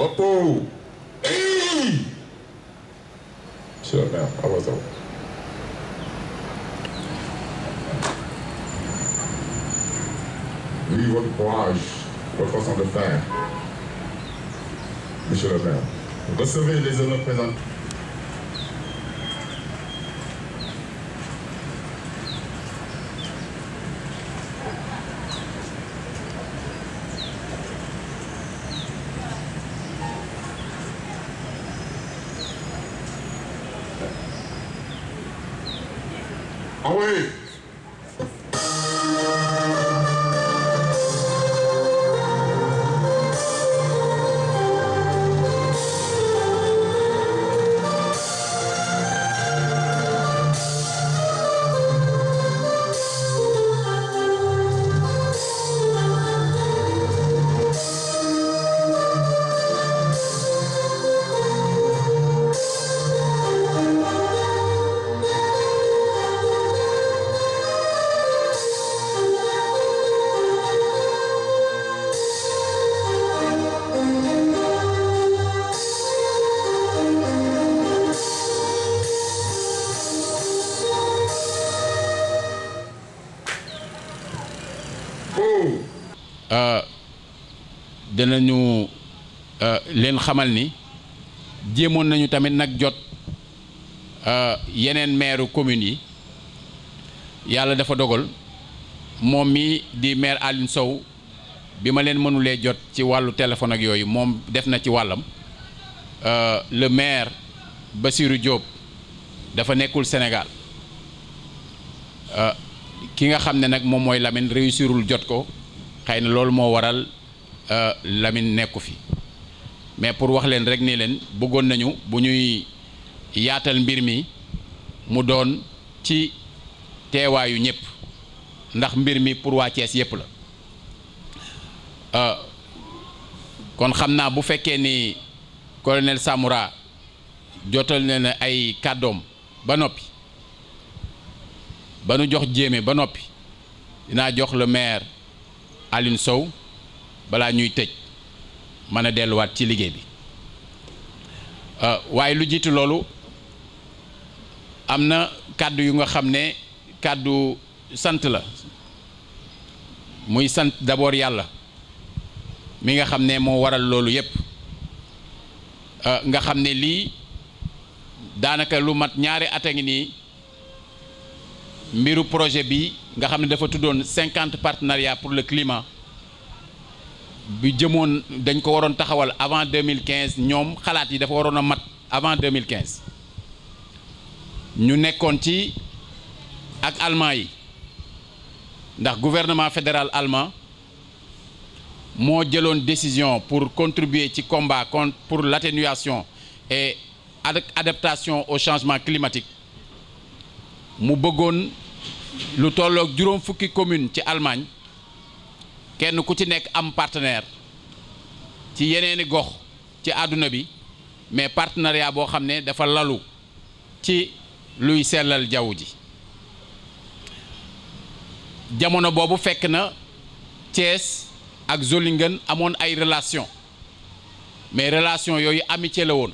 Oppo. Hey! Chill now. I was over. Oui, votre courage, votre façon de faire. Monsieur le maire, recevez les honneurs présentés. danañu euh, leen xamal ni jéemoon nañu tamit nag jot euh, yeneen maire communes yi yàlla dafa dogal moom mi di maire Aline Sow bi ma leen mënulee jot ci wàllu téléphone ak yooyu moom def na ci wàllam euh, le maire Bassirou Diop dafa nekkul Sénégal ki nga xam ne nag moom mooy Lamine réussirul jot ko xëy na loolu moo waral Euh, lamin nekku fi mais pour wax leen rek ni leen bëggoon nañu bu ñuy yaatal mbir mi mu doon ci teewaayu ñëpp ndax mbir mi pour waa Thiès yëpp la euh, kon xam naa bu fekkee ni colonel Samoura jotal na ne ay kàddoom ba noppi ba nu jox jéeme ba noppi dinaa jox le maire Alioune Sow balaa ñuy tëj mën a delluwaat ci liggéey bi euh, waaye lu jiitu loolu am na kàddu yu nga xam ne kàddu sant la muy sant d'abord yàlla mi nga xam ne moo waral loolu yépp euh, nga xam ne lii daanaka lu mat ñaari at a ngi nii mbiru projet bi nga xam ne dafa tuddoon cinquante partenariats pour le climat bi jëmoon dañ ko waroon taxawal avant 2015 ñoom xalaat yi dafa waroon a mat avant 2015 ñu nekkoon ci ak allemand yi ndax gouvernement fédéral allemand moo jëloon décision pour contribuer ci combat contre pour l'atténuation et adaptation au changement climatique mu bëggoon lu tollook juróom fukki commune ci Allemagne kenn ku ci nekk am partenaire ci yeneeni gox ci àdduna bi mais partenariat boo xam ne dafa lalu ci luy sellal jaww ji jamono boobu fekk na Thiès ak Zolingen amoon ay relation mais relation yooyu amitié la woon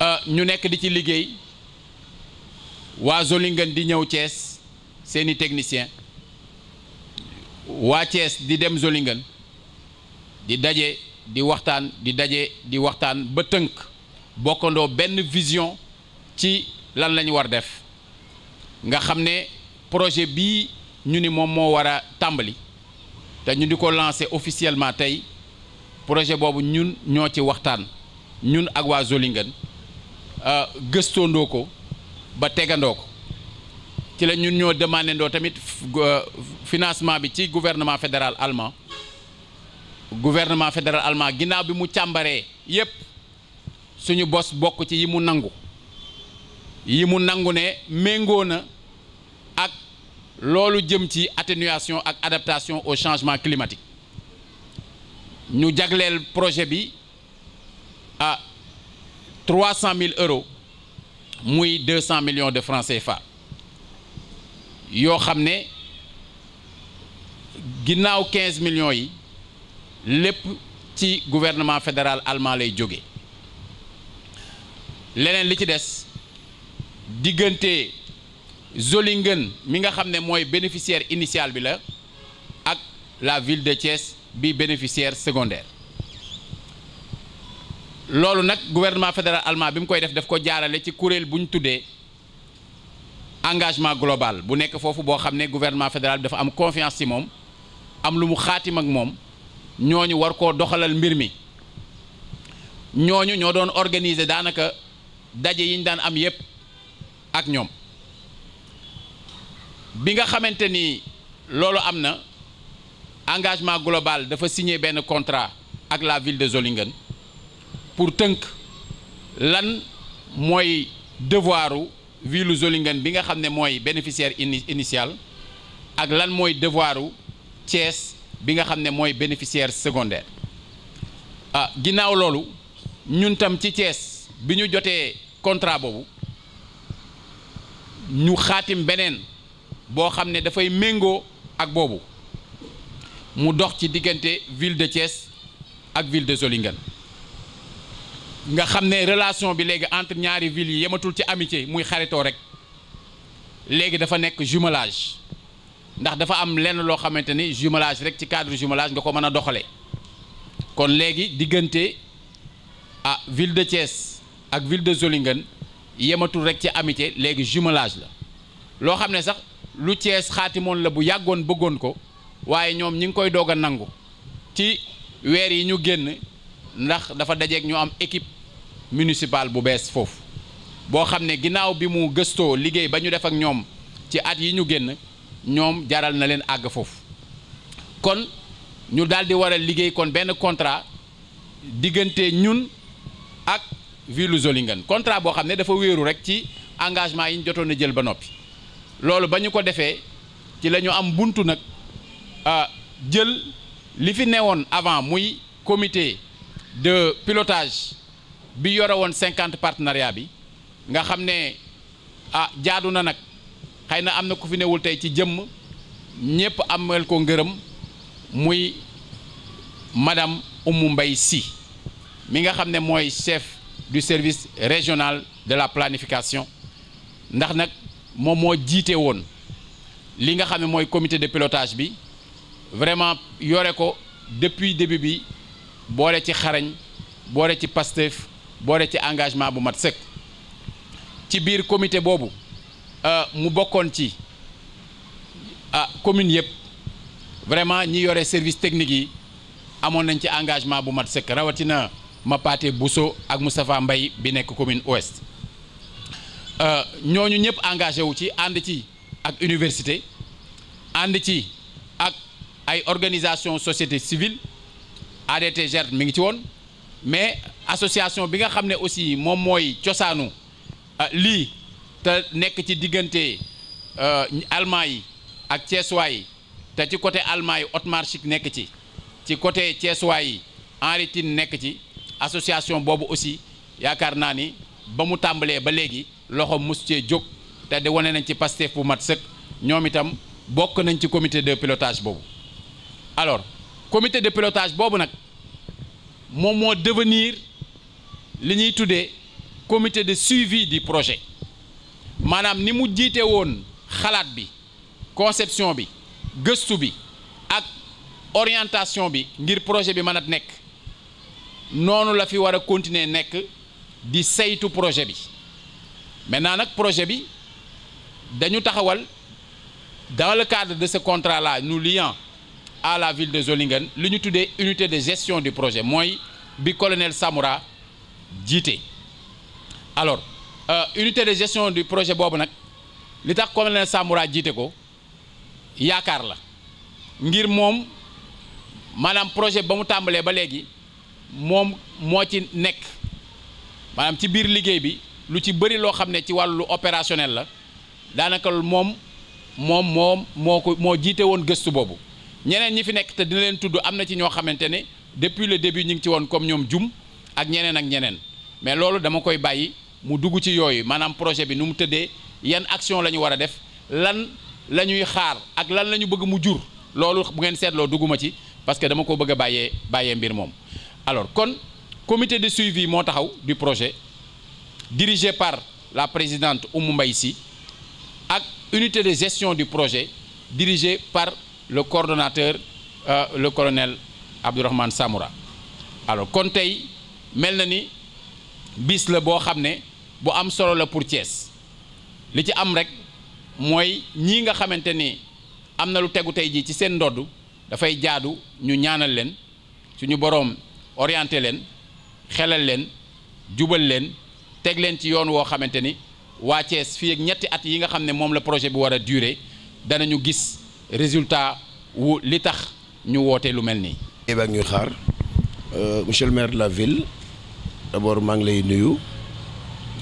euh, ñu nekk di ci liggéey waa Zolingen di ñëw Thiès seeni technicien waa Cees di dem solingan di daje di waxtaan di daje di waxtaan ba tënk bokkandoo benn vision ci lan la ñu war def nga xam ne projet bii ñu ni moom moo war a tàmbali te ñu di ko lancé officiellement tey projet boobu ñun ñoo ci waxtaan ñun ak waa Zolingen euh, gëstoondoo ko ba tegandoo ko ci la ñun ñoo demandé ndoo tamit financement bi ci gouvernement fédéral allemand gouvernement fédéral allemand ginnaaw bi mu càmbaree yépp suñu bos bokk ci yi mu nangu yi mu nangu ne méngoo na ak loolu jëm ci atténuation ak adaptation au changement climatique ñu jagleel projet bi à trois cent mille euros muy deux cent millions de francs CFA yoo xam ne ginnaaw 15 millions yi lépp ci gouvernement fédéral allemand lay jóge leneen li ci des diggante Solingen mi nga xam ne mooy bénéficiaire initial bi la ak la ville de Thiès bi bénéficiaire secondaire loolu nag gouvernement fédéral allemand bi mu koy def def ko jaarale ci kuréel bu ñu tuddee engagement global bu nekk foofu boo xam ne gouvernement fédéral bi dafa am confiance ci moom am lu mu xaatim ak moom ñooñu war koo doxalal mbir mi ñooñu ñoo doon organiser daanaka daje yiñ daan am yépp ak ñoom bi nga xamante ni loolu am na engagement global dafa signer benn contrat ak la ville de Zolingen pour tënk lan mooy devoiru ville Zolingen bi nga xam ne mooy bénéficiaire initial ak lan mooy devoiru Thiès bi nga xam ne mooy bénéficiaire secondaire ah ginnaaw loolu ñun tam ci Thiès bi ñu jotee contrat boobu ñu xaatim beneen boo xam ne dafay méngoo ak boobu mu dox ci diggante ville de Thiès ak ville de Zolingen nga xam ne relation bi léegi entre ñaari villes yi yematul ci amitié muy xaritoo rek léegi dafa nekk jumelage ndax dafa am lenn loo xamante ni jumelage rek ci cadre jumelage nga ko mën a doxale kon léegi diggante ah ville de Thiès ak ville de Zolingen yematul rek ci amitié léegi jumelage la loo xam ne sax lu Thiès xaatimoon la bu yàggoon bëggoon ko waaye ñoom ñi ngi koy doog a nangu ci weer yi ñu génn ndax dafa dajeeg ñu am équipe municipal bu bees foofu boo xam ne ginnaaw bi mu gëstoo liggéey ba ñu def ak ñoom ci at yi ñu génn ñoom jaral na leen àgg foofu kon ñu daal di war a liggéey kon benn contrat diggante ñun ak ville Zolingen contrat boo xam ne dafa wéeru rek ci engagement yi ñu jotoon a jël ba noppi loolu ba ñu ko defee ci lañu am buntu nag jël li fi newoon avant muy comité de pilotage bi yore woon cinquante partenariat bi nga xam ne ah jaadu na nag xëy na am na ku fi tey ci jëmm ñëpp amal ko ngërëm muy madame Oumou mbay si mi nga xam ne mooy chef du service régional de la planification ndax nag moom moo jiite woon li nga xam ne mooy comité de pilotage bi vraiment yore ko depuis début bi boole ci xarañ boole ci Pastef boole ci engagement bu mat sëkk ci biir comité boobu euh, mu bokkoon ci ah commune yëpp vraiment ñi yore service technique yi amoon nañ ci engagement bu mat sëkk rawatina Mapaté Bousso ak Moustapha mbay bi nekk commune ouest euh, ñooñu ñëpp engagé wu ci ànd ci ak université ànd ci ak ay organisation société civile ADT GERT mi ngi ci woon mais association bi nga xam ne aussi moom mooy cosaanu euh, lii te nekk ci diggante euh, allemand yi ak ceesuwaay yi te ci côté allemand yi Otmar Schick nekk ci ci côté ceesuwaay yi Henri Tine nekk ci association boobu aussi yaakaar naa ni ba mu tàmbalee ba léegi loxo mos cee jóg te di wane nañ ci Pastef bu mat sëkk ñoom itam bokk nañ ci comité de pilotage boobu alors comité de pilotage boobu nag moom moo devenir li ñuy tuddee comité de suivi di projet maanaam ni mu jiite woon xalaat bi conception bi gëstu bi ak orientation bi ngir projet bi mën a nekk noonu la fi war a continuer nekk di saytu projet bi mais maintenant nag projet bi dañu taxawal dans le cadre de ce contrat là nous liant à la ville de Zolingen li ñu tuddee unité de gestion du projet mooy bi colonel Samoura jiite alors euh, unité de gestion du projet boobu nag li tax colonel Samoura jiite ko yaakaar la ngir moom maanaam projet ba mu tàmbalee ba léegi moom moo ci nekk maanaam ci biir liggéey bi lu ci bëri loo xam ne ci wàllu opérationnel la daanaka moom moom moom moo ko moo jiite woon gëstu boobu ñeneen ñi fi nekk te dina leen tudd am na ci ñoo xamante ne depuis le début ñu ngi ci woon comme ñoom jum ak ñeneen ak ñeneen mais loolu dama koy bàyyi mu dugg ci yooyu maanaam projet bi nu mu tëddee yan action la ñu war a def lan la ñuy xaar ak lan la ñu bëgg mu jur loolu bu ngeen seetloo dugguma ci parce que dama ko bëgg a bàyyee bàyyee mbir moom alors kon comité de suivi moo taxaw du projet dirigé par la présidente Oumou Mbaye Sy ak unité de gestion du projet dirigée par le coordonnateur euh, le colonel Abdourahmane Samoura alors kon tey mel na ni bis la boo xam ne bu am solo la pour Thiès li ci am rek mooy ñii nga xamante ni am na lu tegu tey jii ci seen ndodd dafay jaadu ñu ñaanal leen suñu boroom orienté leen xelal leen jubal leen teg leen ci yoon woo xamante ni waa Thiès fii ak ñetti at yi nga xam ne moom la projet bi war a durer danañu gis résultat wu li tax ñu woote lu mel nii. ñuy xaar euh, monsieur le la ville. d'abord maa ngi lay nuyu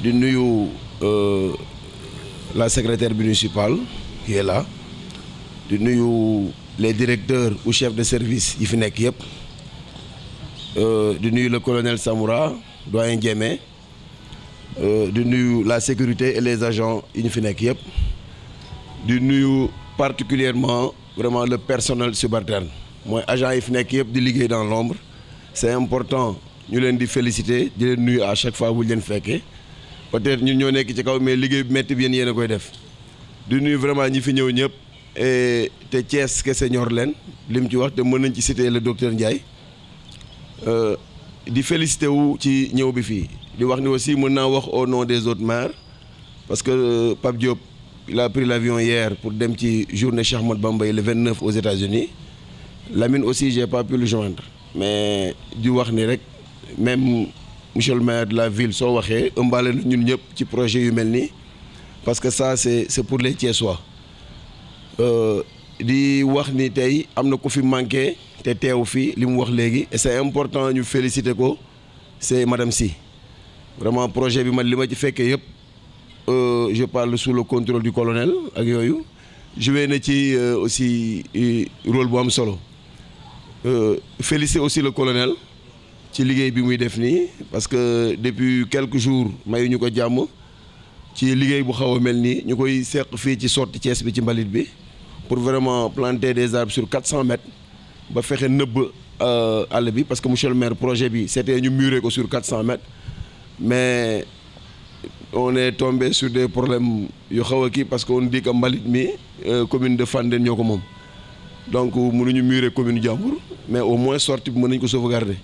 di nuyu euh, la secrétaire municipale qui est là di nuyu les directeurs ou chef de service yi fi nekk yëpp euh, di nuyu le colonel Samoura doyen Diémé euh, di nuyu la sécurité et les agents yi ñu fi nekk yëpp di nuyu particulièrement vraiment le personnel subalterne mooy agent yi fi nekk yëpp di liggéey dans l'ombre c'est important ñu leen di féliciter di leen nuyu à chaque fois bu leen fekkee peut-être ñu ñoo nekk ci kaw mais liggéey bu métti bi yéen yéen koy def di nuyu vraiment ñi fi ñëw ñëpp te Thiès kese ñor leen li mu ci wax te mën nañ ci citer le docteur Ndiaye euh, di féliciter wu ci ñëw bi fii di wax ni aussi mën naa wax au non des autres maires parce que euh, Pape Diop la a pris l'avion hier pour dem ci journée Cheikh Ahmadou Bamba le 29 aux États-Unis Lamine aussi j'ai pas pu le mais di wax ni rek. même monsieur le maire de la ville soo waxee ëmbaale na ñun ñëpp ci projet yu mel nii parce que ça c'est c'est pour les Thiessois euh, di wax ni tey am na ko fi manqué te teew fii li mu wax léegi et c'est important ñu féliciter ko c'est madame si vraiment projet bi ma li ma ci fekkee yëpp euh, je parle sous le contrôle du colonel ak yooyu joué na ci euh, aussi rôle bu am solo féliciter aussi le colonel ci liggéey bi muy def nii parce que depuis quelques jours mayuñu ko jàmm ci liggéey bu xaw a mel nii ñu koy seq fii ci sortie Thiès bi ci mbalit bi pour vraiment planter des arbres sur quatre cent mètres ba fexe nëbb euh, àll bi parce que monsieur maire projet bi c'était ñu murer ko sur quatre cent mètres mais on est tombé sur des problèmes yu xaw a kii parce que on dit que mbalit mi euh, commune de Fandène ñoo ko moom donc munuñu murer commune jàmbur mais au moins sortie bi mën nañ ko sauvegarder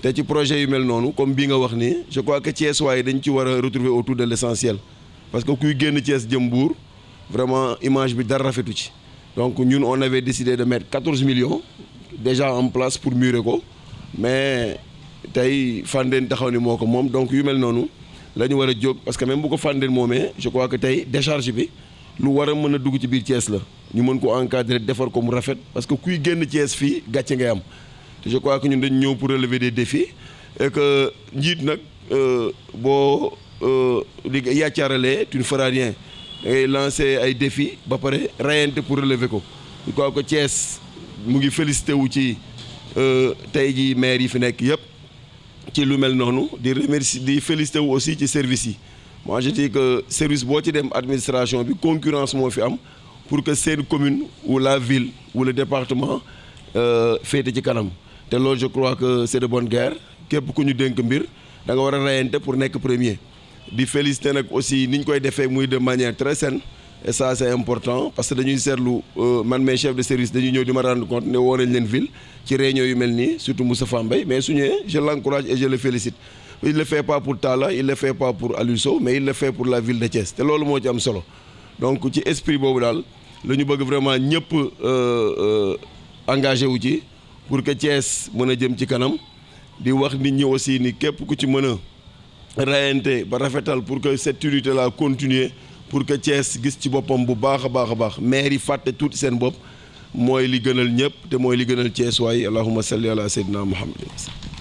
te ci projet yu mel noonu comme bii nga wax ni je crois que Thiès waaye dañ ci war a retrouver autour de l' parce que kuy génn Thiès jëm Mbour vraiment image bi dara rafetu ci donc ñun on avait décidé de mettre 14 millions déjà en place pour murer ko mais tey fandeen taxaw ni moo ko moom donc yu mel noonu la ñu war a jóg parce que même bu ko Fandène moomee je crois que tey décharge bi lu war a mën a dugg ci biir Thiès la ñu mën ko encadrer defar ko mu rafet parce que kuy génn Thiès fii gàcce ngay am je crois que ñun dañu ñëw pour relever de défis et que njiit nag euh, boo li euh, yàccaaralee tu ne feras lancer ay défis ba pare rayante pour relever ko je crois que Thiès mu ngi félicité wu ci euh, tey ji maire yi fi nekk yëpp ci lu mel noonu di remercier di félicité wu aussi ci service yi moi je dis que service boo ci dem administration bi concurrence moo fi am pour que seen commune ou la ville ou le département féete ci kanam te loolu je crois que c'est de bonne guerre képp ku ñu dénk mbir da nga war a reyante pour nekk premier di féliciter nag aussi ni ñu koy defee muy de manière très saine et ça c'est important parce que dañuy seetlu euh, man mes chefs de service dañuy ñëw di ma rendre compte ne woo nañ leen ville ci réunion yu mel nii surtout Moussa Fambaye mais su ñëwee je l'encourage et je le félicite il le fait pas pour Talla il le fait pas pour Aliou Sow mais il fait pour la ville ci am solo boobu daal la ñu bëgg vraiment ñëpp euh, euh, engagé wu ci pour que Thiès mën a jëm ci kanam di wax nit ñi aussi ni képp ku ci mën a rayante ba rafetal pour que cette unité là continuer pour que Thiès gis ci boppam bu baax a baax a baax maire yi fàtte tuuti seen bopp mooy li gënal ñëpp te mooy li gënal Thiès waaye allahumma salli ala sayyidina muhammadin